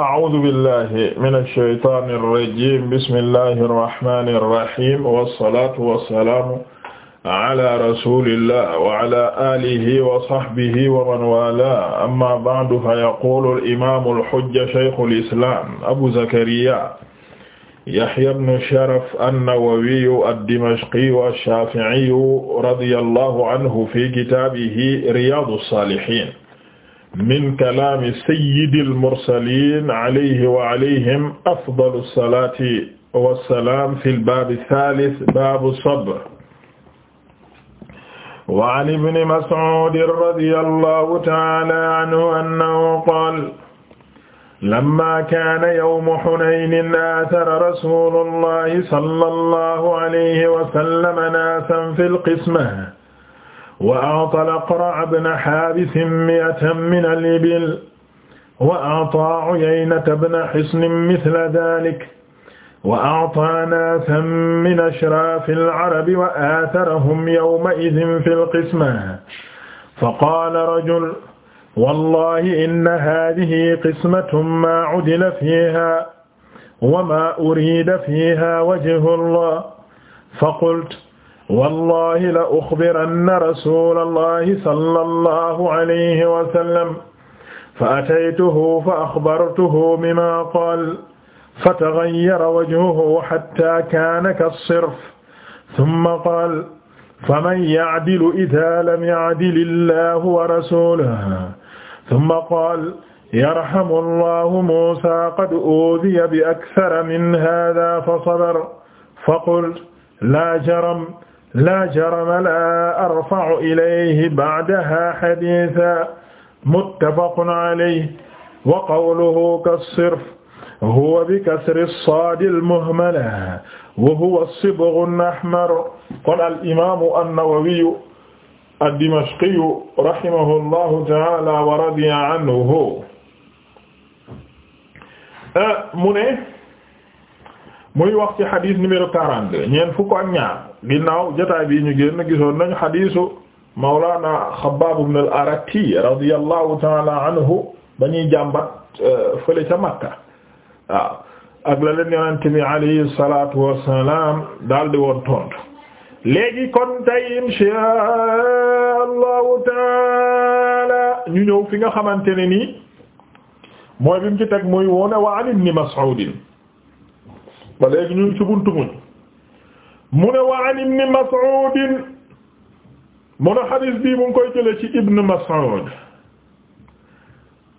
أعوذ بالله من الشيطان الرجيم بسم الله الرحمن الرحيم والصلاة والسلام على رسول الله وعلى آله وصحبه ومن والاه أما بعد فيقول الإمام الحجة شيخ الإسلام أبو زكريا يحيى بن شرف النووي الدمشقي الشافعي رضي الله عنه في كتابه رياض الصالحين min kalaami sayyidil mursaliin alayhi wa alayhim afdalu salaati wa salaam fil baabi saalis baabu sabr. wa an ibni Mas'uud radiyallaahu ta'aalaa anhu annahu qaala lammaa kaana yawmu Hunaynin aatara rasuulullaahi sallallaahu alayhi wa sallam naasan fil qisma wa a'ta al-Aqra' ibna Haabis mi'atan min al-ibil wa a'ta Uyaynata ibna Hisn mithla dhaalika wa a'ta naasan min ashraafi al-'arabi wa aatharahum yawma'idhin fi al-qisma faqaala rajul wallaahi inna haadihi qismatun maa 'udila fiihaa wa maa uriida fiihaa wajhu llaah faqultu wallahi la uxbiranna rasulallahi sallallahu alayhi wa sallam fa ataytuhu fa axbartuhu bima qaala fatagayyara wajhuhu hattaa kaana kas-sirf summa qaala faman ya'dilu idhaa lam ya'dilillahu wa rasuluhu summa qaala yarhamu allahu muusaa qad uudhiya bi akthara min haadhaa fa sabara fa qultu laa jarama laa jarama laa arfa'u ilayhi ba'daha hadiisan muttafaqun alayhi wa qawluhu kas-sirf huwa bikasri s-saadi l-muhmala wa huwa s-sibghu l-ahmar qaala al-imaamu an-Nawawiyyu ad-Dimashqiyyu rahimahu llahu ta'aala wa radiya anhu ah, mu ne muy wax ci xadis numéro 42 ñeent fukk ak ñaar ginnaaw jotaay bii ñu génn gisoon nañu xadiisu Mawlana Xabbaab ibn al-Arati radiyallahu ta'ala anhu dañuy jàmbat euh, fële ca Makka waaw la leen yonent bi alayhi salaatu daal di woon tontu léegi kon tey inshaa Allahu taala ñu ñëw fi nga xamante ne nii mooy bi mu ci teg muy woone wa an ibn Mas'ud ba léegi ñu ci buntu muñ mu ne wa an ibn Mas'ud mu ne xadis bii mu ngi koy jëlee ci ibn Mas'ud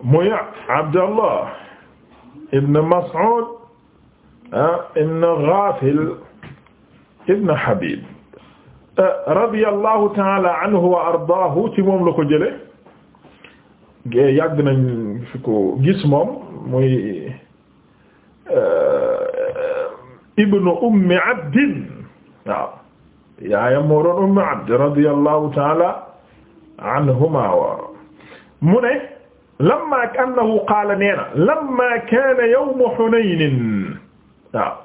muy Abdallah ibn Mas'ud ah ibn Ghafil ibn Habib ah radiyallahu ta'ala anhu wa ardaahu ci moom la ko jëlee eh, yàgg nañ fi ko gis moom muy eh, ibn Ummi Abdin waaw yaayam moo doon ummu abd radiyallahu taala anhuma wa mu ne lamma annahu qaala nee na lamma kaana yawmu Hunayn waaw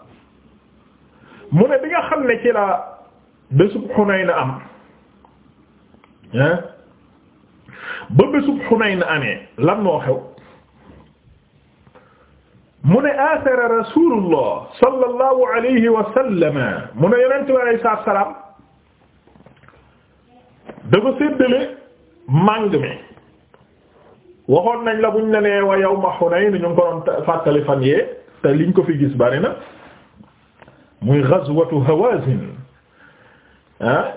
mu ne bi nga xam ne ci la bésub Hunayn am ah ba bésub Hunayn amee lan moo xew mu ne athara rasulullah sallallahu alayhi wa mu ne yonent bi alayhi wa salaam dafa séddale màng mi waxoon nañ la buñ la nee wa yawma Hunayn ñu ngi ko doon fàttali fan yee te liñ ko fi gis bari na muy ghazwatu Hawazin ah,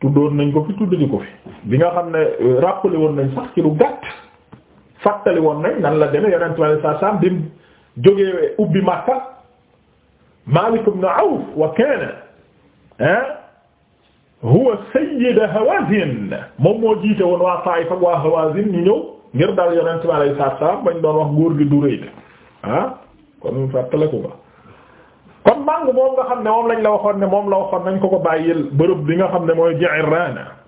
tuddoon nañ ko fi tudd di ko fi bi nga xam ne rappelé woon nañ sax ci lu gàtt fàttali woon nañ nan la demee yonent bi alayhi salaam bi mu jógee ubbi Makka Maalik ibn Awf wa kaana ah, huwa sayyid Hawaazin moom moo jiite woon waa i ak waa Hawaazin ñu ñëw ngir dal yonent bi alayhi salaam bañ doon wax góor gi du rëy ah kon fàttaliku ba moom nga xam ne moom lañ la waxoon ne moom la waxoon nañ ko ko bàyyil bërëb bi nga xam ne mooy Ji'irraana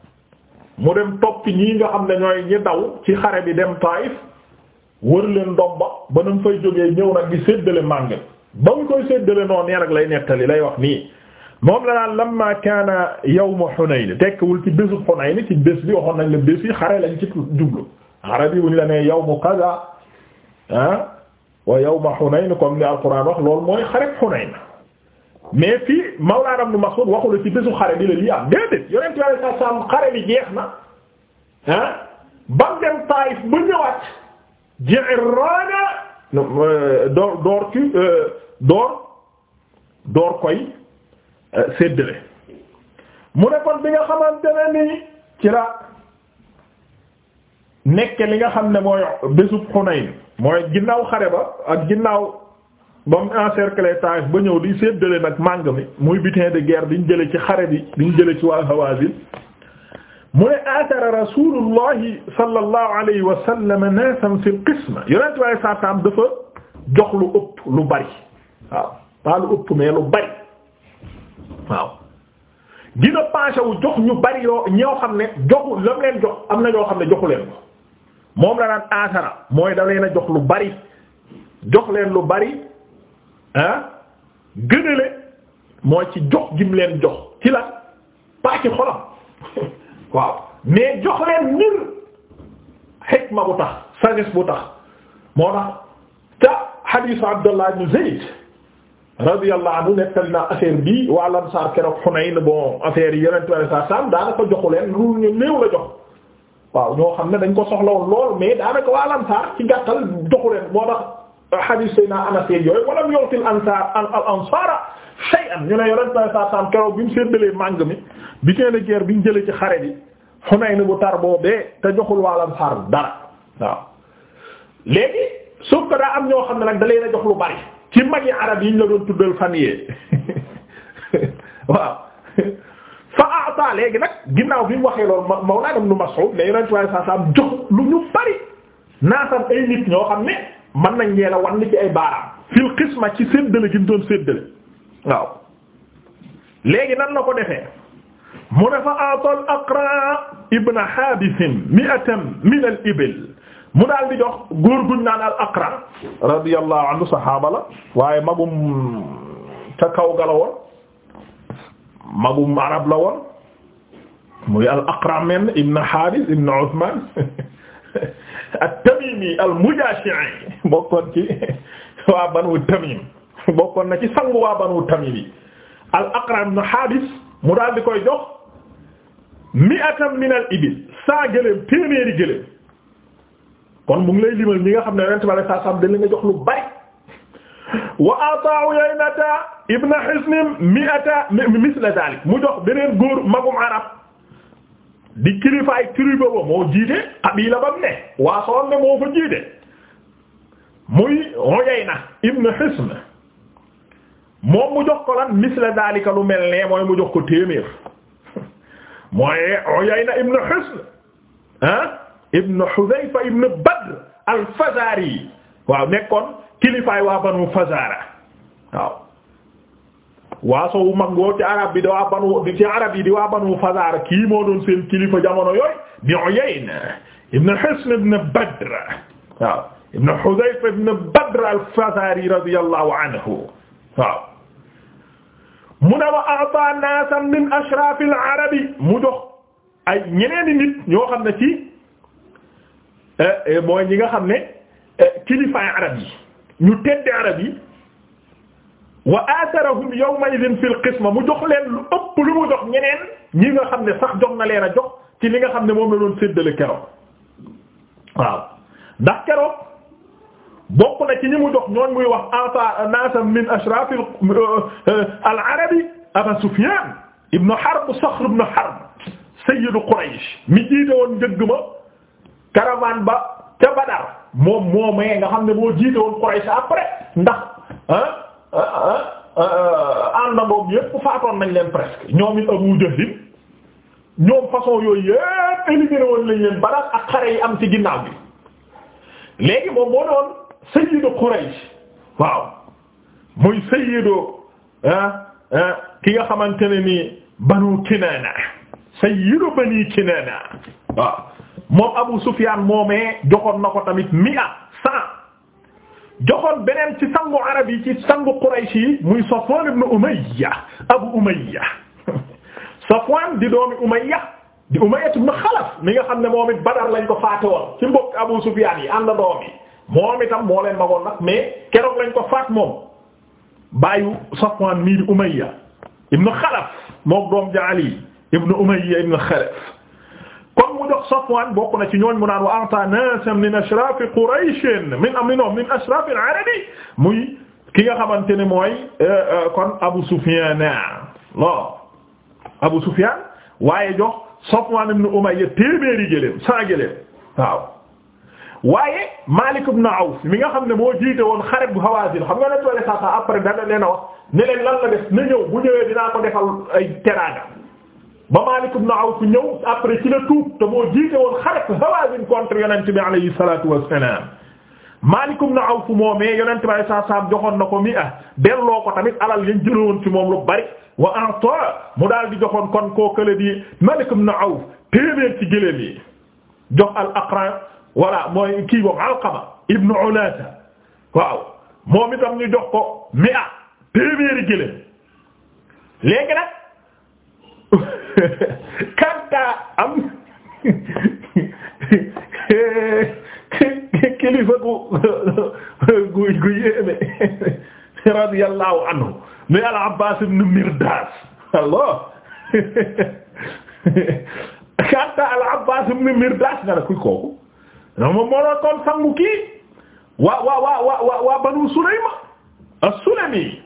mu dem toppi ñii nga xam ne ñooy ñi daw ci xare bi dem Taif wër leen domba ba nu mu fay jógee ñëw nag di séddale màngal ba mu koy séddale noonu nee rek lay nettali lay wax nii moom la naan lamma kaana yawmu Hunayn tekkiwul ci bésu Hunayn ci bés bi waxoon nañ la bés yi xare lañ ci jublu xare bi bu ñu la nee yawmu kaza ah wa yawmu Hunayn comme li alquran wax loolu mooy xare Hunayn mais fii Mawlana Ibn Mas'ud waxu ci bésu xare bi la lii am déedéet yonent Yàlla sa saam xare bi jeex na ah ba dem Taayif ba ñëwaat Ji'raana euh, door door euh, door door koy euh, séddale mu ne kon bi nga xamante ne ni ci la nekk li nga xam ne mooy bésub Hunayn mooy ginnaaw xare ba ak ginnaaw. ba mu encercler Taif ba ñëw di séddale nag màng mi muy butin de guerre bi ñu jële ci xare bi bi ñu jële ci waa Hawazin mu ne atara rasulullahi sallallahu alayhi wa sallam nasan fil qisma yonent dafa jox lu ëpp lu bari waaw pas lu ëpp mais lu bari waaw gina paase wu jox ñu bari yoo ñoo xam ne joxu la leen jox am na ñoo xam ne joxu leen ko moom la naan atara mooy da leen a jox lu bari jox leen lu bari ah gënale mooy ci jox gim leen jox ci la ci xolam waaw jox leen ngir xikma bu tax sagesse bu tax moo tax ca xadiisu Abdullah ibn Zayd radiyallahu anhu nettali naa affaire bi waa Ansaar keroog Hunayn bon affaire yi yeneen tubaab saa saam daanaka joxu leen lu ñu néew jox waaw ñoo xam ne dañ ko soxla lool mais daanaka waa Ansaar ci gàttal joxu leen moo tax. hadith sayna Anas yooyu walam yu'til ansaar al ansaara ñu ne yore na saa saam mu séddalee màng mi bi teel a guerre bi ñu jëlee ci xare bi Hunayn bu tar boobee te joxul waa ansaar dara waaw. léegi suuf que daa am ñoo xam ne nag da leen a jox lu bari arab yi ñu la doon tuddal fan yii waaw fa a'ta léegi nag ginnaaw bi mu waxee loolu Mawlaana Ibn Mas'ud ne yore na saa saam jox lu ñu bari naasam ay nit ñoo xam ne. mën nañ ngeen a wan ci ay baaraam fil xisma ci séddale gi mu doon nan la ko defee mu ne fa aatool Aqra ibn Haabis min al ibil mu daal di jox góor guñ naan al Aqra radiyallahu anhu saxaaba la waaye magum ca kaw ga la woon magum arab la woon muy al Aqra men ibn Haabis ibn Usmaan at-Tamimi al-Mujashi'i bokkoon ci waa Banu Tamim bokkoon na ci sangu waa Banu Tamim yi al-Aqra' ibn Habis mu daal di koy jox mi'atan min al saa gëléem téeméeri gëléem kon mu ngi lay limal ñi nga xam ne Yonent bi sallallahu alayhi wasallam dañ leen a jox lu bari wa ata Uyaynata ibn Hisn mi'ata misla dhalik mu jox beneen góor magum arab di kilifaay tribu ba moo jiite xabiila bam ne waa soon ne moo fa jiite muy Uyayna ibn Hisn moom mu jox lan misla daalika lu mel ne mooy mu jox ko mooy Uyayna ibn Hisn ah ibn Hudhayfa ibn Badr al-Fazari waaw nekkoon kilifaay waa Banu Fazara waaw waaso wu mag ci arab bi di waa banu ci yi di waa banu Fazaara kii moo seen kilifa jamono yooyu di Uyayna ibn Hisn ibn Badr waaw ibn Hudayfa Badr al-Fazari radiyallahu anhu mu ne wa a'ta naasan min ashraf al mu jox ay ñeneeni nit ñoo xam ne ci eh, eh, mooy ñi nga xam ne eh, kilifaay wa atharahum yawma idhin fil qisma mu jox leen lu ëpp lu mu jox ñeneen ñi nga xam ne sax jox na leen a jox ci li nga xam ne moom la doon séddale keroog waaw ndax keroog bokk na ci ñi mu jox ñoon muy wax ata naasam min ashraf euh, al arabi aba sufyan ibn harb sakhr ibn harb sayyid quraish mi jiite woon njëgg ma caravane ba ca moo moom nga xam ne moo jiite woon quraish après ndax ah Euh, euh, euh, àndandoom yépp faatoon nañ leen presque ñoom it Abu Jahl ñoom façon yooyu yépp éliminé woon lañ leen balaat ak xare yi am ci ginnaaw bi léegi moom moo doon sayyidu Quraysh waaw muy sayyidu ah, ah, ki nga xamante ne ni Banu Kinaana sayyidu Bani Kinaana waaw moom Abu Sufyaan moomee joxoon na ko tamit mia cent joxoon beneen ci sangu arab yi ci sangu Quraysh yi muy Safwan ibn Umayya Abu Umayya Safwan di doomi Umayya di Umayya ibn Xalaf mi nga xam ne moom it Badar lañ ko faate ci mbokk Abu Sufyaan yi ànd doom yi moom itam moo leen magoon nag mais keroog lañ ko faat moom baayu Safwan mii di Umayya ibn Xalaf moom doom ja Ali ibn Umayya ibn Xalaf Safwan bokk na ci ñooñ mu naan wa a'ta nasan min ashraf Quraysh min am no min ashraf al-arab muy ki nga xamante ne mooy euh, euh, kon Abu Sufyan lo Abu Sufyan waaye jox Safwan ibn Umayya téeméeri gëléem saa gëléem waaw waaye Malik ibn Awf mi nga xam ne moo jiite woon xare bu Hawazin xam nga ne toole saa saa après dana leen a wax ne leen lan la def na ñëw bu ñëwee dinaa ko defal ay teraanga ba Maalik na Awf ñëw après ci la tuub te moo jiite woon xare Hawaazin contre yonent bi alayhi salaatu wassalaam Maalik ibn Awf moomee yonent bi alayhi joxoon na ko mi ah ko tamit alal yañ jëloon ci moom lu bari wa a'ta mu daal di joxoon kon koo kële di Maalik ibn Awf téeméer ci gëléem yi jox al Aqra walla mooy kii boobu Alqama ibn Ulaata waaw moom itam ñu jox ko mi ah téeméeri gëléem léegi nag kantaa am kilifa gu gu gu yéeme anhu muy al Abbaas ibn Mirdaas Allah kantaa al Abbaas ibn Mirdaas nga ne kuy kooku na moom moo doon kon sangu kii waa waa waa waa waa Banu Sulayma as-Sulami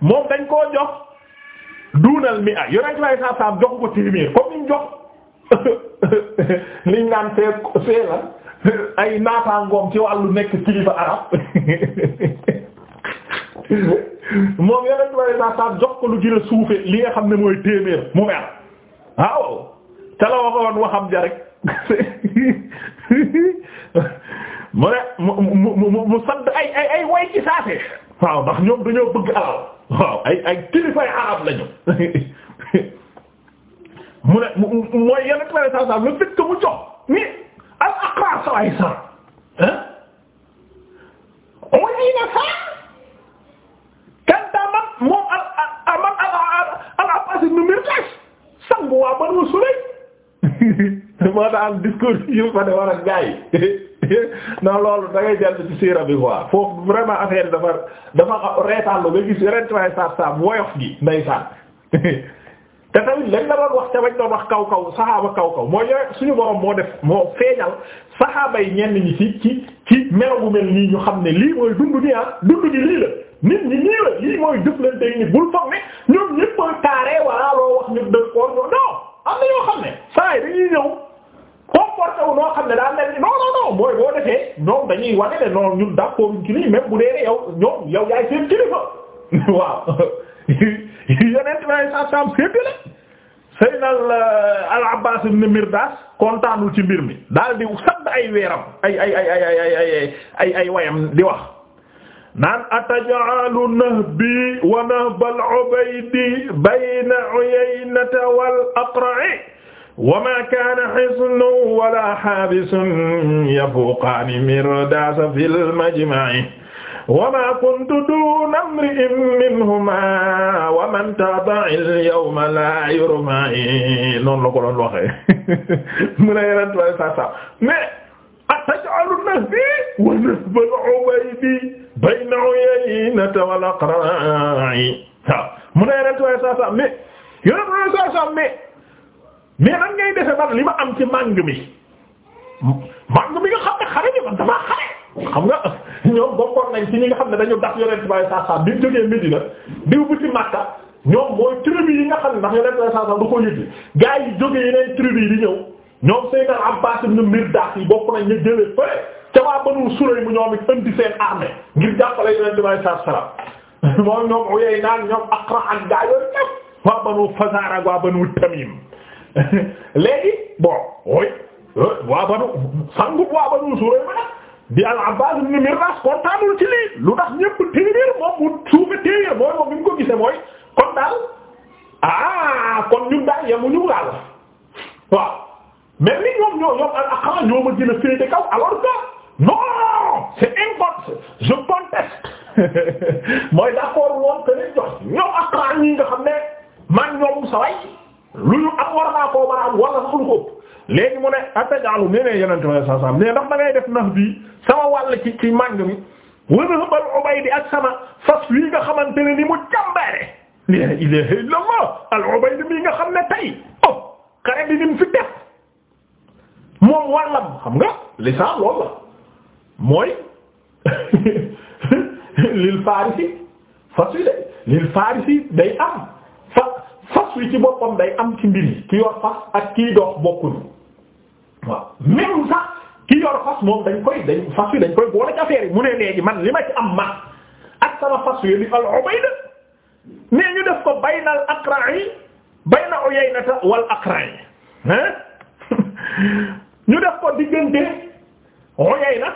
moom dañ koo jox dunal mi ah yonent lay saa saam jox ko téeméer comme niñ jox liñ naan fee fee la ay naataangoom ci wàllu nekk kilifa arab moom yonent lay saa saam jox ko lu gën suufe li nga xam ne mooy téeméer mu mer waaw te la waxoon waxam ja rek mu ne mu mu mu sant ay ay ay way ci saase waaw ndax ñoom dañoo bëgg alal waaw ay ay kilifay arab lañu mu ne mooy yenn clé de sens le fait que mu jox ni al aqra sa waay sànq ah. on na sax. Kantaa man moom al al man al al Abbas ibn Mirdas sangu waa Banu Sulaym moo tax am discours yu fa de war ak gaa yi non loolu da ngay jàll ci siira bi quoi foofu vraiment affaire dafa dafa reetaan lu nga gis retray sar sam woyof gi ndeysaan te tamit lañ la doon wax te bañ doon wax kaw kaw saxaaba kaw kaw mooy suñu borom moo def moo feeñal saxaaba yi ñenn ñi ci ci ci melo bu mel nii ñu xam ne lii mooy dund ni ah dund gi lii la nit ñi nii lii mooy jëflante ni bul foog ne ñoom ñëpp mooy taaree walla loo wax ñu am na ñoo xam ne saa dañuy ñëw comporté wu noo xam ne daa mel ni non non non dañuy wane ne non ñun d'accord ci lii même bu dee ne yow ñoom yow yaay seen kilifa waaw yeneen i may sàtt am séntu la. Seydina Al euh, Abbas ibn Mirdas kontaanul ci mbir mi daal di sant ay weeram ay ay ay ay ay ay ay wayam di wax naan ataj'alu nahbi wa nahbal ubaydi bayna uyaynata wal aqra'i وما كان حصن ولا حابس يفوقان مرداس في المجمع وما كنت دون امرئ منهما ومن تابع اليوم لا يرمى noonu la ko doon waxee mu ne yeneen waaye saa saa mais أتجعل نهبي ونهب العبيد بين عيينة والأقرع mu ne yeneen waaye saa saa mais yeneen waaye saa saa mais mais nan ngay defe ban li ma am ci màng xam ne xare bi man damaa xare xam nga ñoom bokkoon nañ ci ñi nga xam ne dañu dax yonent bi saa saa bi mu jógee Medina diw bu ci Makka ñoom mooy tribu yi nga xam ne ndax yonent bi saa saa du ko yëg gaa yi jógee yeneen tribu yi di ñëw ñoom yi bokk nañ ñu jëlee fële ca waa Banu Sulaym mu ñoom it indi seen armée ngir jàppale yonent bi saa saa moom ñoom Uyayna ñoom Aqra gaa yooyu waa Banu Fazaar ak waa Tamim léegi bon oui euh, waa banu sangu waa banu Sulayma di al-Abbaas ibn Mirdaas kontaanul ci lii lu tax ñëpp téeméer moom bu suufe téeméer mooy moom bi ko gisee mooy kon daal ah kon ñun daal yemuñu daal waaw mais ni ñoom ñoom al-Aqra ñoo ma gën a féete kaw alors que non c'est incontestable je conteste mooy d'accord woon que ne ñoom Aqra ñi nga xam ne man ñoom saway lu ñu am war naa koo am wala sax lu ko ëpp léegi mu ne atajaalu nee nee yonente ma saa saam ndax da def nax bii sama wàll ci ci màng mi wala habal ak sama fas nga xamante ne ni mu jàmbaare la ilaha al ubaydi mii nga xam ne tay oh xare bi nim fi def moom wàllam xam nga li saa loolu la mooy lil farisi fas wi de lil farisi day am fas wi ci boppam day am ci mbir ki yor fas ak kii dox bokkuñu waaw même sax ki yor fas moom dañ koy dañ fas wi dañ koy boole ci yi mu ne léegi man li ma ci am ma ak sama fas wi li al ubayda mais ñu def ko bayna al aqra'i bayna uyaynata wal aqra'i hein ñu def ko diggante uyayna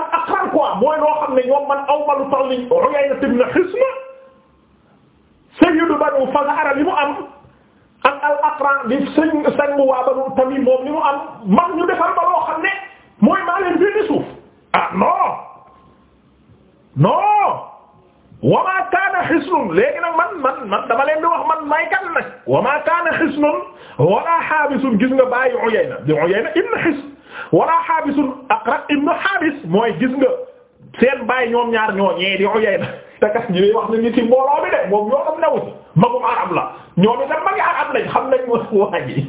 ak aqra quoi mooy loo xam ne ñoom man awmalu tolli uyayna ibn hisma sayyidu banu Fazara li mu am ak al aqran di sëñ sangu waa banu Tamim moom li mu am mag ñu defar ba loo xam ne mooy maa leen fii di suuf ah non non wa maa kaana xisnun léegi man man man dama leen di wax man may kan nag wa maa kaana xisnun wala xaabisun gis nga bàyyi Uyayna di Uyayna ibn Aqra ibn Haabis mooy gis nga seen baay ñoom ñaar ñoo ñee di Uyayna te kat ñi wax nañu ci mbooloo bi de moom ñoo xam newu ci magum arab la ñoom itam magi arab lañ xam nañ mo waaji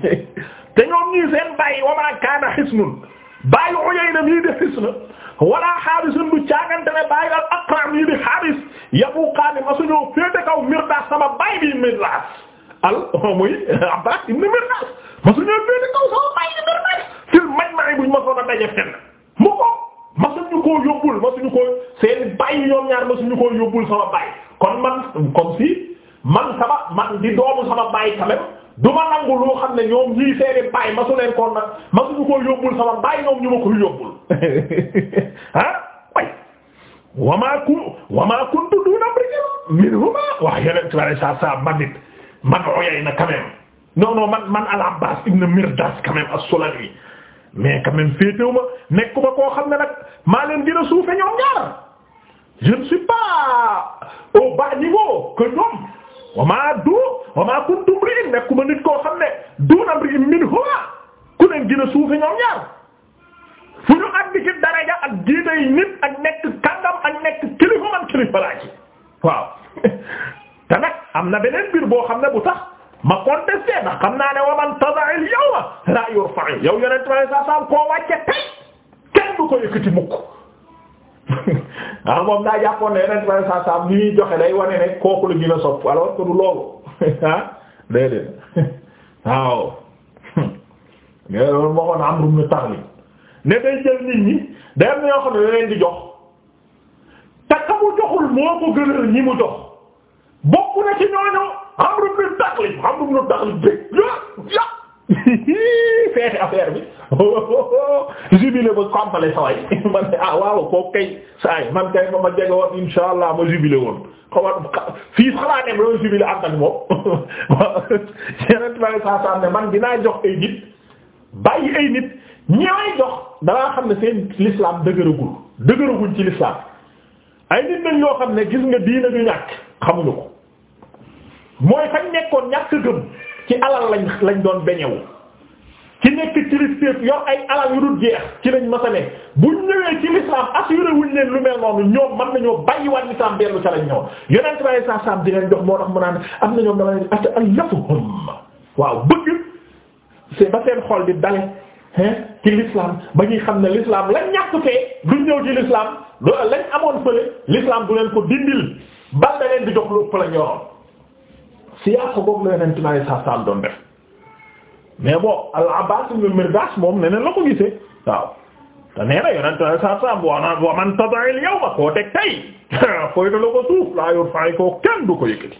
te ñoom ñii seen baay wa ma kaana Hisnun baayu Uyayna mii de Hisn wala Haarisun du caagante ne baayu al-Aqra' mii di Haaris yabuqaani ma suñoo féete kaw Mirdaas sama baay bi Mirdaas al muy Abbaas Mirdaas ma suñoo féete kaw sama baay bi Mirdaas fil majma'i buñ ma soona daje fenn koo yóbbul ma suñu ko seen bàyyi ñoom ñaar ma suñu koo yóbbul sama bàyyi kon man comme si man sama man di doomu sama bàyyi quand du ma nangu lu xam ne ñoom ñii seeni bàyyi ma su leen kon nag ma suñu koo yóbbul sama bàyyi ñoom ñu ma koy yóbbul ah way wamaa ku wamaa kuntu duna man it man oyay na quand même man man al Abbas Mirdas quand même as-Sulami mais quand même féetewu nekkuma koo xam ne nag maa leen gën a suufe ñoom ñaar je ne suis pas au bas niveau que ñoom wamaa du wamaa kuntu mri'in nekkuma nit koo xam ne duuna mri'in minhuma ku leen gën a suufe ñoom ñaar fu ñu àgg ci daraja ak jiitay nit ak nekk kàngam ak nekk kilifa man kilifa laa waaw te nag am na beneen mbir boo xam ne bu tax ma contesté ndax xam naa ne wa man tada'il yawma la yurfa'u yow yonent bi saa saa koo wàcce tey kenn du ko yëkkati mukk ah moom daa jàppoon ne yonent bi saa ni ñuy joxe day wane ne kooku la gën a sopp alors que du loolu ah déedéet waaw. mais loolu moo ko naan Amru ibn Taghlib ne day jël nit ñi day am ñoo xam ne da leen di jox te ka mu joxul moo ko mu jox bokk na ci ñooñu. Amru ibn Taxlib Amru ibn Taxlib dégg nga feete affaire bi jubilé ba complet saway ma ne ah waaw kooku kay saay man kay ma ma jege woon insha allah ma jubilé woon xawa fii xalaa nem loolu jubilé am moom man dinaa jox ay nit bàyyi ay nit ñëwee jox dangaa xam ne seen l'islam dëgëragul dëgëragul ci l'islam ay nit nañ yoo xam ne gis nga diina ñu ñàkk xamuñu ko mooy fañ nekkoon ñàkk gëm ci alal lañ lañ doon beñewu ci nekk ci listéef yor ay alal yu dul jeex ci lañ masa ne buñ ñëwee ci l'islam assuré wuñ leen lu mel noonu ñoom mën nañoo bàyyi waat l'islam dellu ca lañ ñëw yonent bi alei sat di leen jox moo tax mu naan am na ñoom dama leen atta waaw bëgg c'est ba seen xol di dale hein ci ba ñuy xam ne l'islam lañ ñàkk fee duñ ñëw ci l'islam lañ amoon fële l'islam du leen ko dindil bal da leen di jox lu ëpp la ñoroon siyaasa boobu la yeneen tubaab saam doon def mais bon al-Abbaas moom neneen la ko gisee waaw te nee na yeneen tubaab yi sax saam wa man wa man tada'il yawma koo teg tey fooy na laa yor fay koo kenn du ko yëkkati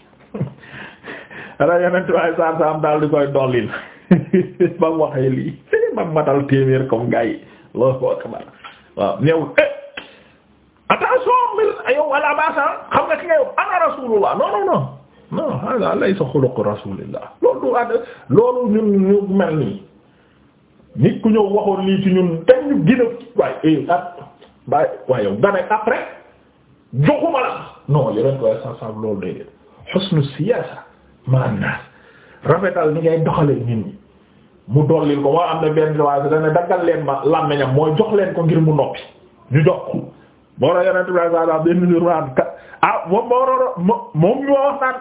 ala yeneen tubaab yi saam daal di koy dollil ba mu waxee lii ba mu matal téeméer comme gars yi Allahu akbar waaw ñëwul eh, attention mbir yow al-Abbaas ah, xam nga ki nga yow ana Rasuulullah non non non. non hada laysa xuluqu rasulillah loolu du ñun ñu mel nii nit ku ñëw waxoon lii ci ñun dañu gën a waaye eh, ak ah, bàyyi waaye après joxuma la non yeneen ko sa sa loolu day husnu siyaasa ma naas rafetal ni ngay doxalee nit ñi mu dollil ko waa am na benn waaye sa dana daggal leen ma làmmiñam mooy jox leen ko ngir mu noppi ñu jox ko ah, moom moom ñu wax naan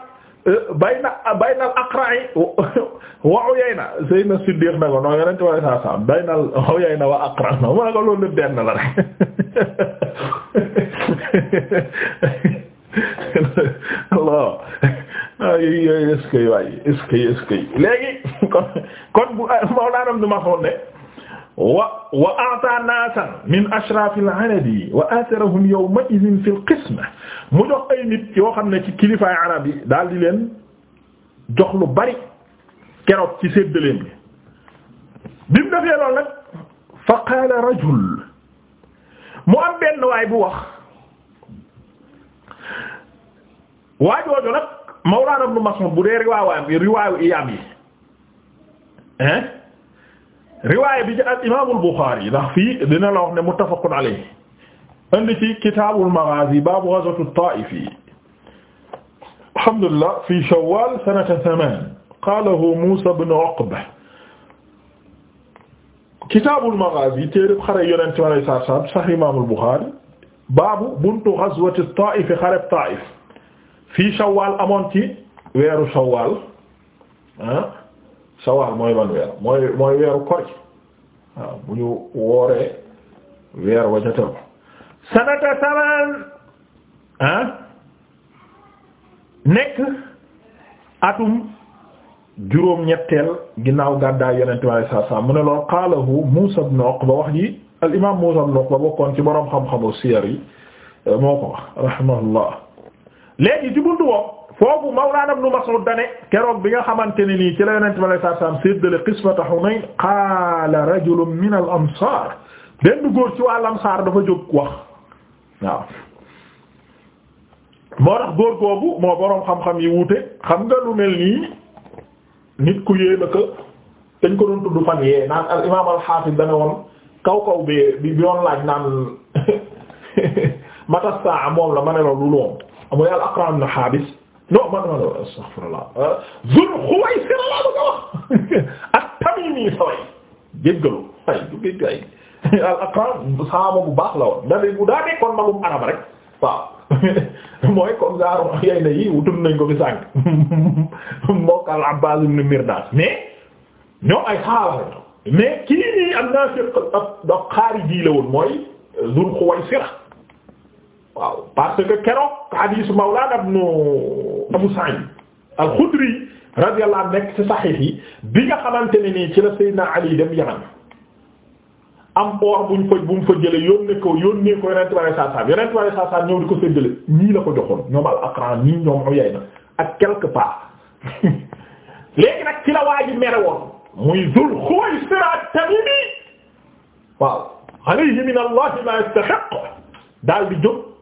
bayna bayna al wa uyayna sayna siddiq na ko non yonent wala saa saa bayna al uyayna wa aqra' na ma ne ko loolu benn la rek alors ay est-ce que waay est-ce que est-ce que léegi kon kon bu Mawlana du ma ne. wa wa a'ta naasan min ashraf al-arabi wa atharahum yawma idhin fi al-qisma mu jox ay nit yoo xam ne ci kilifaay arab yi daal di leen jox lu bari keroog ci séddaleem bi bi mu defee loolu nag fa qaala rajul mu am benn waay bu wax waa jooju nag Mawlaana Ibn Mas'ud bu dee riwaawaay bi riwaayu iyaam yi hein riwaaya bi ci al imaamul Buxaari ndax fii dina la wax ne muttafaqun alayhi indi ci kitaabul maghaazi baabu ghazwatu Taa'if yi alhamdulillah fi Shawwaal sanata thamaan qaalahu Muusaa ibn Uqba kitaabul maghaazi téereb xare Yonent bi alayhi salaatu wa salaam sax imaamul Buxaari baabu buntu ghazwatu Taa'if xareb Taa'if fii Shawwaal amoon ci weeru Shawwaal ah sawaal mooy ban weer mooy mooy weeru kori waaw bu ñu wooree weer wa ca sanata samaan ah nekk atum juróom ñetteel ginnaaw gàddaay yonente bi saa saa mu ne lool qaalahu Muusa ibn Uqba wax ji al imaam Muusa ibn Uqba bokkoon ci boroom xam-xamu siyar yi eh, moo ko wax rahimahullah léegi ci buntu foofu Mawlaana Ibnu Mas'ud dane keroog bi nga xamante ni nii ci la Yonent bi sallallahu alayhi wasallam séddale qismata Hunayn qaala min al ansaar benn góor ci waa ansaar dafa jóg wax waaw moo tax góor googu moo boroom xam-xam yi wuute xam nga lu mel nii nit ku yéena ko dañ ko doon tudd fan yee naan al imaam al xaafis dana woon kaw kaw bi bi yoon laaj naan matas saa moom la ma ne la lu loom amul al Aqra' ibn Haabis man ma la astaghfirullah ah, Zul Xuwaysira ko wax at-Tamimi saway jéggalu ay du jégg al-Aqram saaba bu baax la woon ndax bu daa nekkoon magum arab rek waaw mooy comme gaaru yay na yi wutum nañ ko fi sànq mbokk al-Abbaas ibn Mirdaas mais ñoom ay xaaral mais kii nii am naa fi ab ab xaariji la woon mooy Zul Xuwaysira waaw parce que keroog hadith Mawlana ibn Abu Sa'id al-Khudri radiyallahu anhu nekk ci saxiix bi nga xamante ne nii ci la Seydina Ali dem Yaman am or buñ fa bu mu fa jëlee yónnee ko yónnee ko Yonent bi sallallahu alayhi wasallam Yonent bi sallallahu ko séddale ñii la ko joxoon ñoom al-Aqra ñii ñoom Uyayna ak quelque part léegi nag ci la waa ji mere woon muy Dul at-Tamimi waaw alayhi min Allah ma yastahiq daal di jóg.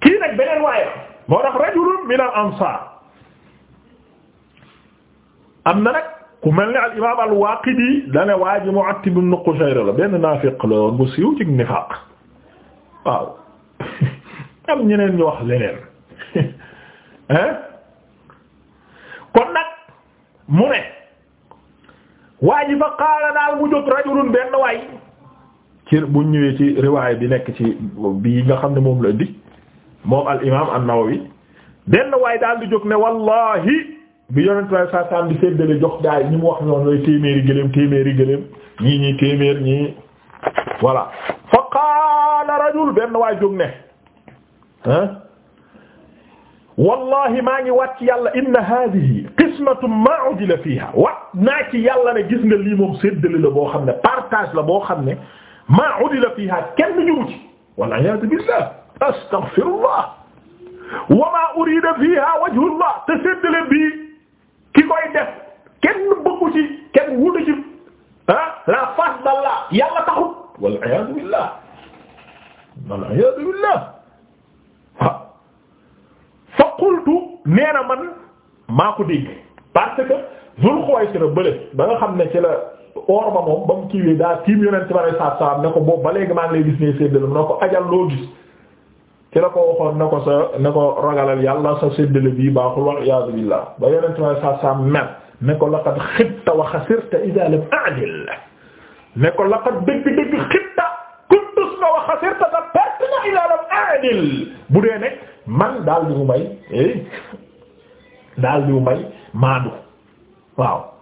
kii nag beneen waaye moo tax rajulun min al ansar am na nag ku mel ni al imaam al waaqidi dane waa ji Mu'attib ibn Qushayra la benn naafiq la woon bu ci nifaaq waaw am ñeneen ñu wax leneen hein kon nag mu ne waa ji fa qaala daal mu jóg rajulun benn waay ci bu ñëwee ci riwaay bi nekk ci bii nga xam ne moom la di moom al imaam an-Nawawi benn waaye daal di jóg ne wallahi bi yonent waaye saa saa di séddale jox gaay ñi mu wax noonu lay téeméeri gëléem téeméeri gëléem ñii ñii téeméer ñii voilà fa qaala rajul benn waay jóg ne ah wallahi maa ngi waat ci yàlla inna hadhihi qismatun ma udila fiha waat naa ci yàlla ne gis nga lii moom séddale la boo xam ne partage la boo xam ne ma udila fiha kenn ñu ci wal iyaadu billah astaghfirullah wa ma urida fiha wajhullah te séddale bii ki koy def kenn bëggu ci kenn wutu ci ah la face d'Allah yàlla taxut wal iyaadu billah wal iyaadu billah fa qultu nee na man maa ko dégg parce que Zul Xuwaysira bële ba nga xam ne ci la or ba moom ba mu kiiwee daa tiim yonent bi sallallahu alayhi wasallam ne ko boobu ba léegi maa ngi lay gis ne séddale mu ne ko ajal loo gis ci ko waxoon na ko sa ne ko ragalal yàlla sa séddale bii baaxul wal iyaazu billaah ba yonent ma sa sa mer ne ko laqad xibta wa xasirta idaa lam a'dil ne ko laqad dëgg dëgg xibta kuntus na xasirta ta perte na idaa lam a'dil bu dee ne man daal di mu may eh, daal di mu may maadu waaw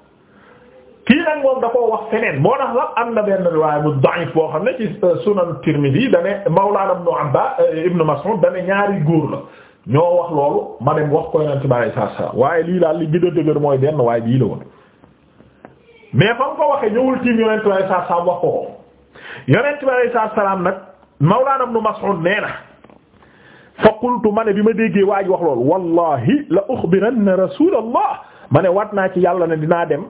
kii nag moom da wax feneen moo tax la am na benn riwaaya bu da'if boo xam ne ci euh, sunan Tirmidhi da ne Mawlaana Ibnu Abba euh, Ibnu Mas'ud ñaari góor la ñoo wax loolu ma dem waaye lii daal li mooy benn waaye bii la woon. mais fa mu ko waxee ñëwul tiim bi wax ko ko Yonent bi alayhi salaam nee na fa qultu ma ne bi ma déggee waa wax loolu wallahi la ukhbiranna rasuulallah ma ne waat naa ci yàlla ne dinaa dem.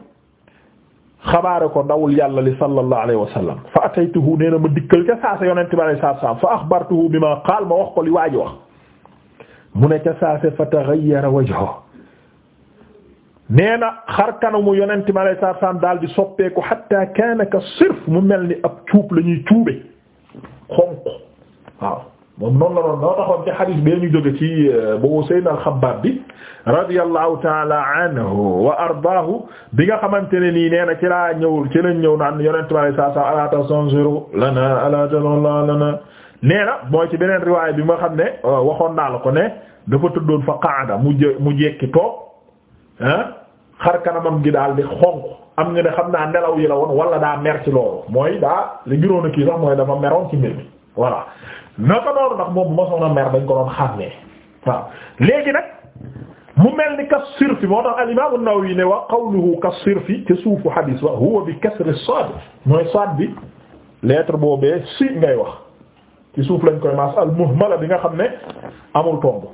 xabaare ko ndawul yàlla li sallallahu alayhi wa sallam fa ataytuhu nee na ma dikkal ca saasa yonente bi alayhi salaam fa axbartuhu bi ma qaal ma wax ko li waa ji wax mu ne ca saase fa taghayyara wajhu nee na xar kanamu yonente bi alayhi salaam daal di soppeeku hatta kaana ka sirf mu mel ni ab cuub la ñuy cuube xonq waaw moom noonu la doon noo taxoon ci xadis bee ñu jóge ci euh, boobu Seydina Al-Xabbaab bi radiyallahu taala anhu wa ardaahu bi nga xamante ne nii nee na ci laa ñëwul ci lañ ñëw naan yonent bi alayhi salaatu wa salaam ala tasanziru lana ala tanala lana nee na mooy ci beneen riwaay bi ma xam ne euh, waxoon naa la ko ne dafa tuddoon fa qaada mu je mu jekki toog ah xar kanamam gi daal di xonq am ñu ne xam naa nelaw yi la woon wala daa mer ci loolu mooy daa li gënoon a kii sax mooy dafa meroon naka noonu ndax moom bu ma a mer dañ ko doon xàmmee waaw léegi nag mu mel ni kas sirfi moo tax al imam an-Nawawi ne wa qawluhu kas sirfi ca suufu hadis wa huwa bi kasri sad mooy sad bi leetre boobee si ngay wax ci suuf lañ koy maas al muhmala bi nga xam ne amul tomb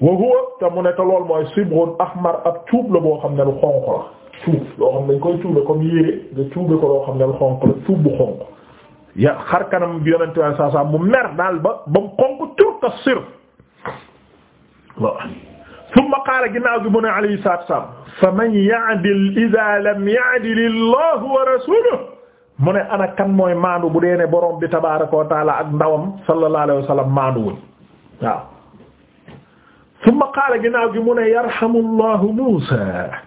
wa huwa te mu ne te mooy sibrun ahmar ak cuub la boo xam ne lu xonq la cuub loo xam ne dañ koy loo xam ne lu xonq la cuub bu xonq ya xar kanam bi yonente waaye saa saa mu mer daal ba ba mu xonq curka sir waaw summa qaala ginnaaw gi mu ne alayhi salaatu wa salaam fa man ya'dil idha lam ya'dil Allahu wa rasuluhu mu ne ana kan mooy maandu bu dee ne borom bi tabaaraka wa taala ak ndawam sallallahu alayhi wa sallam maandu wuñ waaw summa qaala ginnaaw gi mu ne yarhamu Allahu Muusaa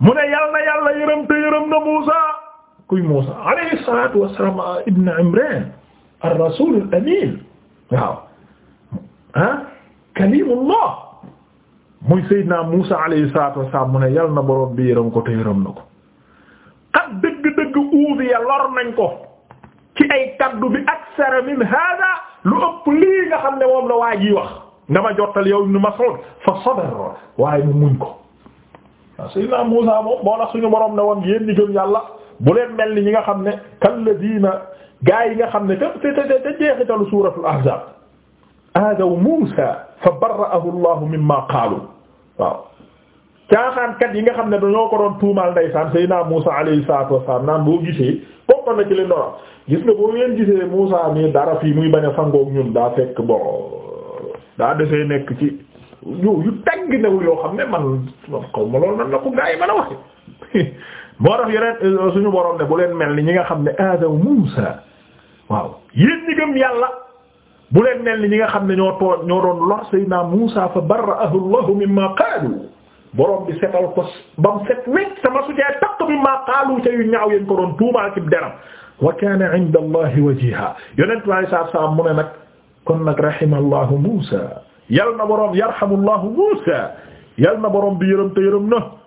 mu ne yal na yàlla yërëm te yërëm na Muusaa kuy Muusa alayhi ibn Imraan ar-rasuul al-amiin waaw ah kaliimullah muy Seydina Muusa alayhi salaatu wassalaam mu ne na borom bi yërëm ko te na ko qad dëgg-dëgg uudiya lor nañ ko ci ay kaddu bi aksara min hada lu ëpp lii nga xam ne moom la waa wax nga ma jottal yow Ibn Mas'ud fa sabar waaye mu muñ ko waaw Muusa moom moo la suñu borom ne woon yéen ñi gëm bu leen mel ni ñi nga xam ne kalladina gaa yi nga xam ne te te te jeexitalu suuratul ahzaab aadaw Muusa fa barra'ahu Allahu mimma qaalu waaw caaxaankat yi nga xam ne ñoo ko doon tuumaal ndeysaan Seydina Muusa alayhi salaatu wassalaam naan boo gisee bokkoon na ci gisee Muusa mii dara fii muy baña a sangoog ñun daa fekk bon daa defee nekk ci yu yu tàng new yoo xam ne man xaw ma loolu nan la ko gaa yi mën a moo tax yeneen euh, suñu boroom ne bu leen mel ni ñi nga xam ne aadaw Muusa waaw yéen ñi gëm yàlla bu leen mel ni ñi nga xam ne ñoo too ñoo doon lor Seydina Muusa fa barra'ahu Allahu mimma qaalu boroom bi setal ko ba mu set wecc sama su cee takk mimma qaalu ca yu ñaaw yéen ko doon tuumaal ci deram wa kaana 'inda Allahi wajiha yonent bi alayhi salaatu salaam mu ne nag kon nag rahima Allahu Muusa yal na boroom yarhamu Allahu Muusa yal na boroom bi yërëm te yërëm na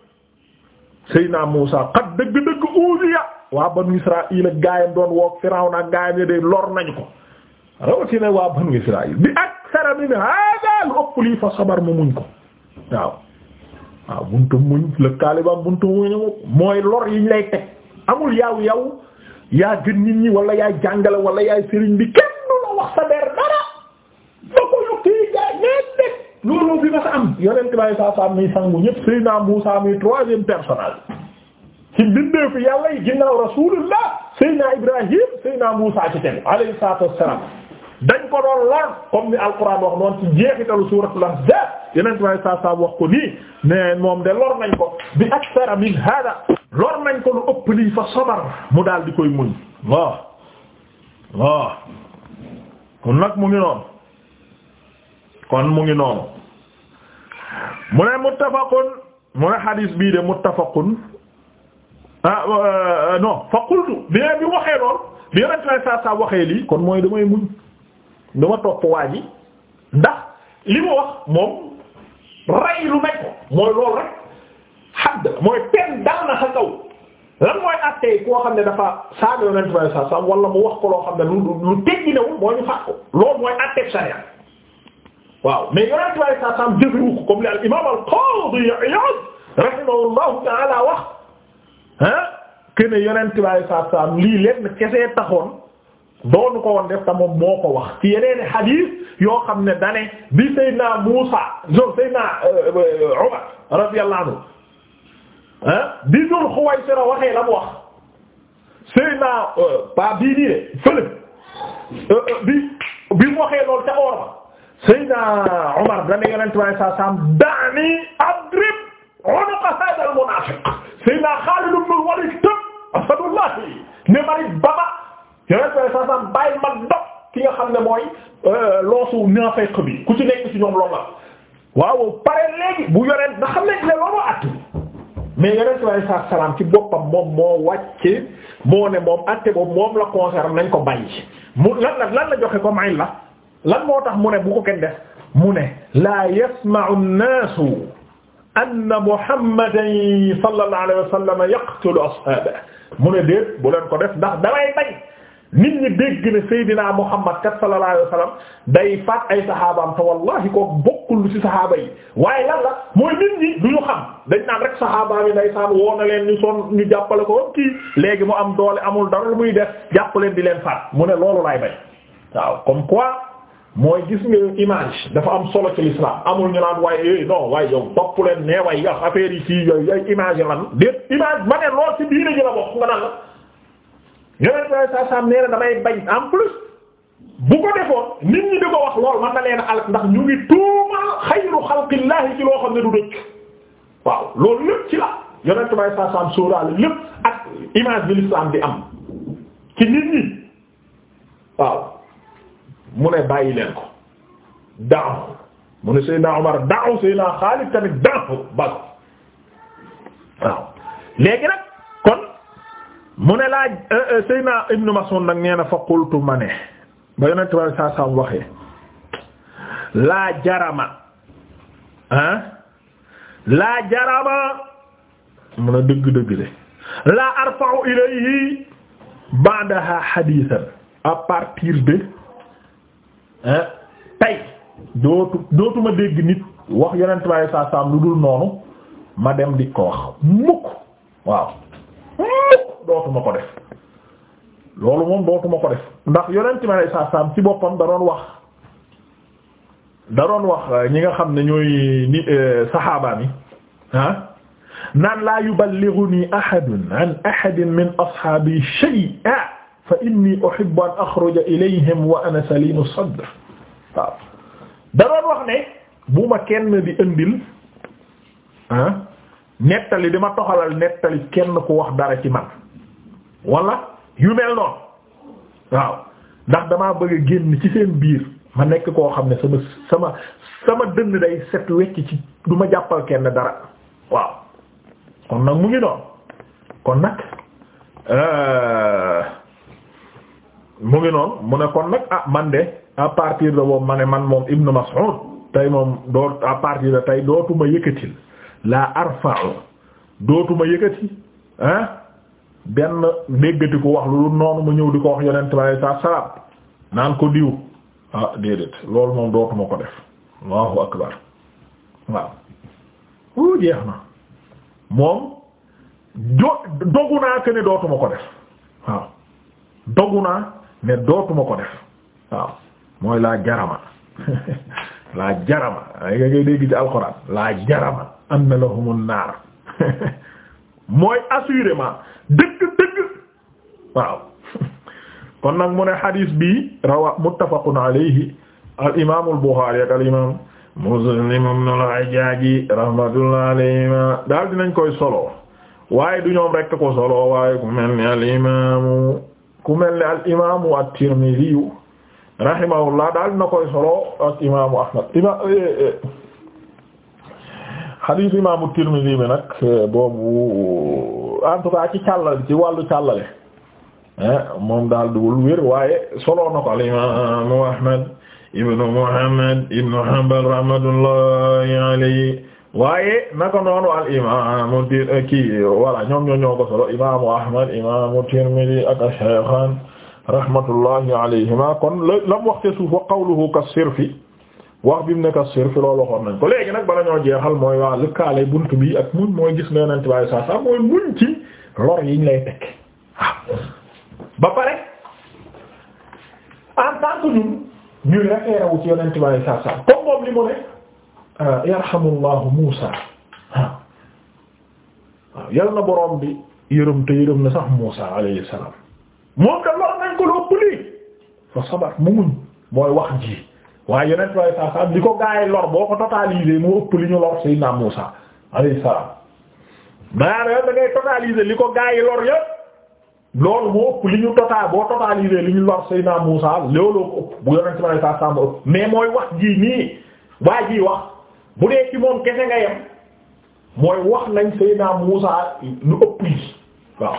Seyna Muusa xat dëgg-dëgg uusiya waa banu Israaïl ak gaayam doon woog Firawna ak gaayam ya de lor nañu ko rawatina waa banu Israaïl bi aksara min hada lu ëpp lii fa sabar mu muñ ko waaw waaw buntu muñ le kaalibaam buntu muñ mooy lor yiñ lay teg amul yaw yaw yaa gën nit ñi wala yaay jàngale wala yaay sëriñ bi kenn du wax sa der loolu fi mas am yonent baay saa saa muy sangu ñëpp Seydina Muusaa muy troisième personnage ci mbindeefu yàlla yi ginnaaw Rasulullah Seydina Ibrahim Seydina Muusaa ci tegu alayhi salaatu wassalaam dañ ko doon lor comme ni alquran wax noonu ci jeexitalu suuratul Ahzaab yonent baay saa saa wax ko nii mais moom de lor nañ ko bi akthara min hada lor nañ ko lu ëpp lii fa sabar mu daal di koy muñ waaw waaw kon nag mu ngi noonu kon mu ngi noonu mu ne muttafaqun mu ne xadiis bii de muttafaqun ah euh, euh, non fa qultu bi ne bi waxee lool bi yonent lay saa saa waxee lii kon mooy damay muñ dama topp waa ji ndax li mu wax moom rey lu nekk mooy loolu rek xadd mooy pen daal na sa kaw lan mooy àttee koo xam ne dafa saaga yonent lay saa saa wala mu wax ko loo xam ne lu lu tegginewul mooy ñu faat ko loolu mooy àttee sariya waaw mais yonent bi saa saam jëfewu ko comme li al wax ah que ne yonent bi saa saam kese taxoon doonu ko woon def moom moo ko wax ci a xadiis yoo xam ne dane bi Seydina Muusa non Seydina euh, Umar radiyallahu anhu ah bi Dul Xuwaysira waxee la mu wax Seydina euh, pa bii nii de fële euh, bi bi mu waxee Seydina Omar saa saam daani adrib unuqa haadal munaafiq Seydina Xaalid ibn Waliid tëb asadullahi ne mari baba yonent bi saa saam bàyyi mag ki nga xam ne mooy euh, loosu naafeq bi ku ci nekk ci ñoom loolu waaw pare léegi bu yonent nga xam ne ne loolu at mais yonent bi saa salaam ci boppam moom moo wàcce moo ne moom àtte moom la concerne nañ ko bàyyi mu lan la lan la joxe comme ay la. lan moo tax mu ne bu ko kenn def mu ne laa yasma'u an-naasu anna muhammadan sallallahu alayhi wa sallam yaqtulu ashaabahu mu ne déet bu leen ko def ndax damay bañ nit ñi dégg ne Seydina Muhammad kat sallallahu alayhi wa sallam day faat ay saxaabaam te wallahi ko bokkul ci saxaaba yi waaye lan la mooy nit ñi du ñu xam dañ naan rek saxaabaam yi day saan woo na leen ñu son ñu jàppale ko kii léegi mu am doole amul dara lu muy def jàpp leen di leen faat mu ne loolu laay bañ waaw comme quoi. mooy gis nga image dafa am solo ci l'islam amul ñu laan waaye eh, non waaye yow topp leen ne waaye yow affaire yi fii yooyu yooyu image yi lan déet image ma ne lool ci diine ji la bokk nga naan la yooyu saa saa nee damay bañ en bu ko defoon nit ñi di ko wax lool man na leen alak ndax ñu ngi tuumal xayru xalqillahi ci loo xam ne du dëkk waaw loolu lépp ci la yonent bay saa saam sóoraale lépp ak image bi l'islam di am ci nit ñi waaw mu ne bàyyi leen ko daaw mu ne Seydina Omar daaw Seydina Xaalid tamit daaw ba waaw léegi nag kon mu ne laaj euh, euh, Seydina Ibnu Mas'ud nag nee na fa qultu ma ne ba yonent bi saa saa waxee laa jarama ah laa jarama mu ne dëgg-dëgg de laa arfa'u ilayhi ba'daha hadithan à partir de tey dootu dootuma dégg nit wax yonent bi saa saam lu dul noonu ma dem di ko wax mukk waaw mukk dootuma ko def loolu moom dootuma ko def ndax yonent bi saa saam ci boppam da doon wax da doon wax euh, ñi nga xam ne ñooy ni euh, saxaabaa mi ah naan laa yuballighuni ahadun an ahadin min ashaabi shay'a fa inni uhibbu an akhruja ilayhim waaw da wax ne bu ma kenn di indil ah nettali di ma toxalal nettali kenn ku wax dara ci man wala yu mel noonu waaw ndax damaa bëgg génn ci seen biir ma nekk koo xam ne sama sama sama dënn day set wecc ci du ma jàppal kenn dara waaw kon nag mu ngi noonu kon nag euh, mu ngi noonu mu ne kon nag ah man de à partir moom boobu ma ne man moom Ibn Mas'ud tey moom doo à partir de tey dootuma yëkkatil la arfa'u dootuma yëkkati ah benn déggati ko wax lu noonu mu ñëw di ko wax yonent bi alayhi salaam naan ko diw ah déedéet loolu moom dootuma ko def Allahu akbar waaw wuu jeex na moom do dogu naa que ne dootuma ko def waaw dogu naa ne dootuma ko def waaw mooy laa jarama laa jarama ay nga ngay dégg ci alxuraan laa jarama anna lahumun naar mooy assurément dëgg dëgg kon nag mu ne bi rawa muttafaqun alayhi al imaam al buxaari ak al muslim ibn al hajjaaji rahmatullah alayhima daal dinañ koy solo waaye du ñoom rekk ko solo waaye ku mel al imaamu ku mel ne al imaamu at-Tirmidhi rahimahullah daal na koy solo ak imaamu Ahmad ima xadiis eh, eh, imaamu at-Tirmidhi bi nag eh, boobu en tout cas ci càllal ci wàllu càllale moom daal duwul wér waaye solo na ko al imaamu Ahmad ibnu Muhammad ibnu Hanbal rahmatullahi alayhi waaye naka noonu al imaamu kii voilà ñoom ñoo ñoo imaamu Ahmad imaamu Tirmidhi ak ash rahmatullahi alayhima kon lam wax suuf wa qawluhu kas-sirfi wax bi mu nekk as-sirfi loolu waxoon nañ ko léegi nag bala ñoo jeexal mooy waa lëkkaale buntu bi ak muñ mooy gis nga Yonent bi mooy muñ ci lor yiñ lay teg ba pare en tant ñun ñuy référé wu ci Yonent bi saa saa li mu Ah, yarhamullahu Muusa waaw ah. ah, yal na borom bi yërëm te yërëm na sax Muusa alayhi salaam moom da wax nañ ko lu ëpp lii fa sabar mu muñ mooy wax ji waaye yeneen waaye saa saa li ko gaay lor boo ko totalisé mu ëpp li ko gaay lor yëpp loolu moo ëpp li ñu total boo totalisé li ñu lor Seydina Muusa looloo ko ëpp bu mooy wax ji nii waa ji wax. bu dee ci moom kese nga yem mooy wax nañ Seydina Muusa lu ëpp lii waaw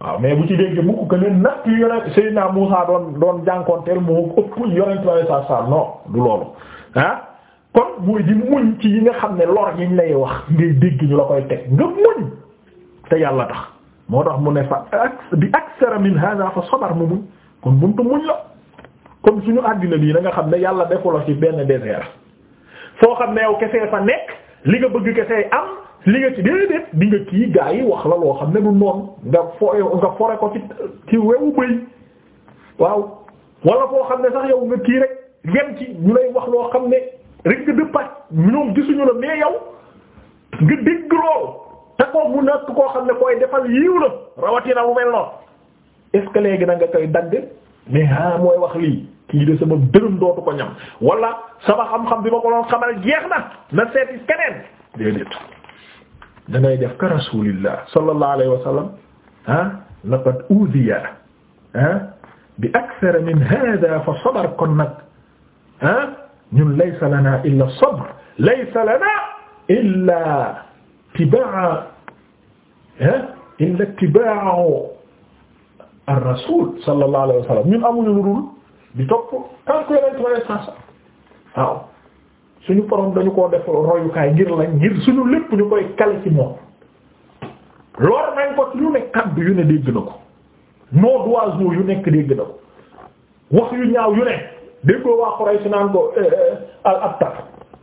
waaw mais bu ci dégg mukk que ne natt yu yonent Seydina Muusa doon doon jànkonteel moo ëpp yonent ah, yi nga xam ne lor yiñ lay wax ngay dégg ñu la koy teg nga muñ te yàlla tax moo tax mu ne fa bi aksara min hada fa sabar mu muñ kon buntu muñ la comme suñu àddina bii na nga xam ne yàlla defu la ci benn désert foo xam ne yow kese fa nekk li nga bëgg kese am li nga ci déedéet di nga kii gaa yi wax la loo xam ne du noon nga fore nga fore ko ci wewu bëy waaw wala foo xam ne sax yow nga kii rek yem ci ñu lay wax loo xam ne rek nga dëppaat ñoom gisuñu la mais yow nga dégg lool te ko mu nekk koo xam ne koy defal yiw la rawati raw mel noonu est ce na nga koy dagg mais ah mooy wax lii kii de sama dërëm dootu ko ñam wala sama xam-xam bi ma ko doon xamal jeex na na seeti keneen déedéet da ngay def ka rasulillah sallallahu alayhi wa sallam ah laqad udiya ah bi akthar min hada fa sabar kon nag ah ñun laysa lana illa sabr laysa lana illa tibaa ah illa tibaa ar-rasul sallallahu alayhi wa sallam ñun amuñu lu dul di topp tant que yonent wala sans waaw suñu borom dañu koo def royukaay ngir la ngir suñu lépp ñu koy kale moom loolu nañ ko lu ne kaddu yu ne dégg na ko non d'oiseau yu nekk dégg na ko wax yu ñaaw yu ne déggoo waa Quraysh naan ko eh, eh, eh, al abtar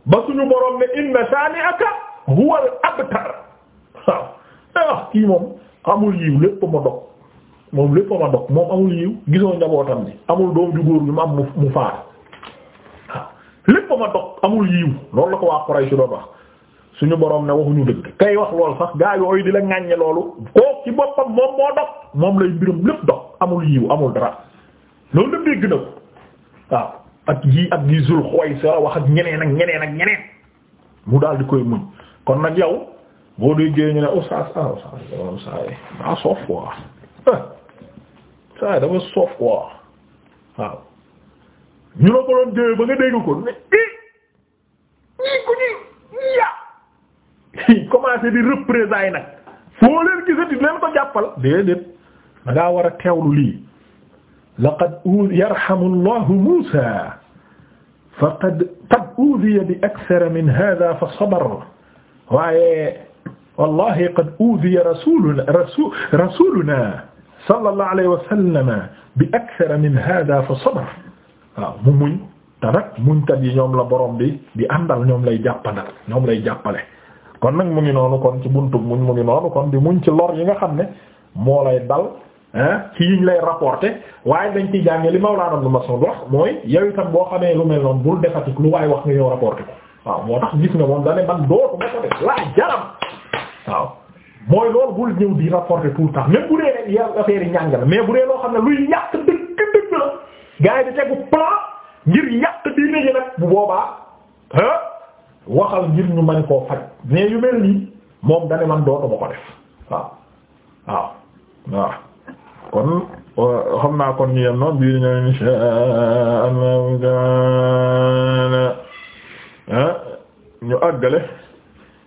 ba suñu borom ne inna shani'aka huwa al abtar waaw te kii moom amul yiw lépp ma moom lépp ma dog moom amul yiw gisoo njabootam ni amul doom ju góor bi mu am mu mu faat waaw lépp dog amul yiw loolu la ko waa Quraysh doon wax suñu borom ne waxuñu dëgg kay wax lool sax gaa yooyu di la ŋàññe loolu koo boppam moom moo dog moom lay mbiram lépp dog amul yiw amul dara loolu la dégg na ko waaw ak ji ak ji zul xooy sa wax ak ñeneen ak ñeneen ak ñeneen mu daal di koy muñ kon nag yow boo déggee ñu ne oustaz ah oustaz oustaz daa soof quoi saa dafa soof quoi waaw ñu la ko doon jëwee ba nga dégg ko ne i eh, ñii ko ñi ya commencé di représailles nag foo leen gisati leen ko jàppal déedéet da ngaa war a teewlu lii laqad yarhamu llahu Muusaa faqad qad uudiya bi akthara min haadha fa sabara waaye wallahi qad uudiya rasuluna rasuluna sallallahu alayhi wa sallama bi akthara min hada fa sabar waaw mu muñ te nag muñkat yi ñoom la borom bi di àndal ñoom lay jàppandal ñoom lay jàppale kon nag mu ngi noonu kon ci buntu muñ mu ngi noonu kon di muñ ci lor yi nga xam ne moo lay dal ci yiñ lay rapporté waaye dañ ciy jànge li ma Mawlaana Ibn Mas'ud wax mooy yow boo xamee lu mel noonu bul defati lu waaye wax nga ñëw rapporté ko waaw moo tax gis nga moom da ne man dootu ma ko def laa jaram waaw mooy loolu bul ñëw di rapporter tout temps bu dee ne mais bu dee loo xam ne luy yàq dëgg dëgg la gars yi di tegu plan ngir yàq diine ji nag bu boobaa ah waxal ngir ñu mën koo faj mais yu mel nii moom dane man dootuma ko def waaw waaw waaw kon euh, xam naa kon ñu yem noonu bii ñëw ñu àggale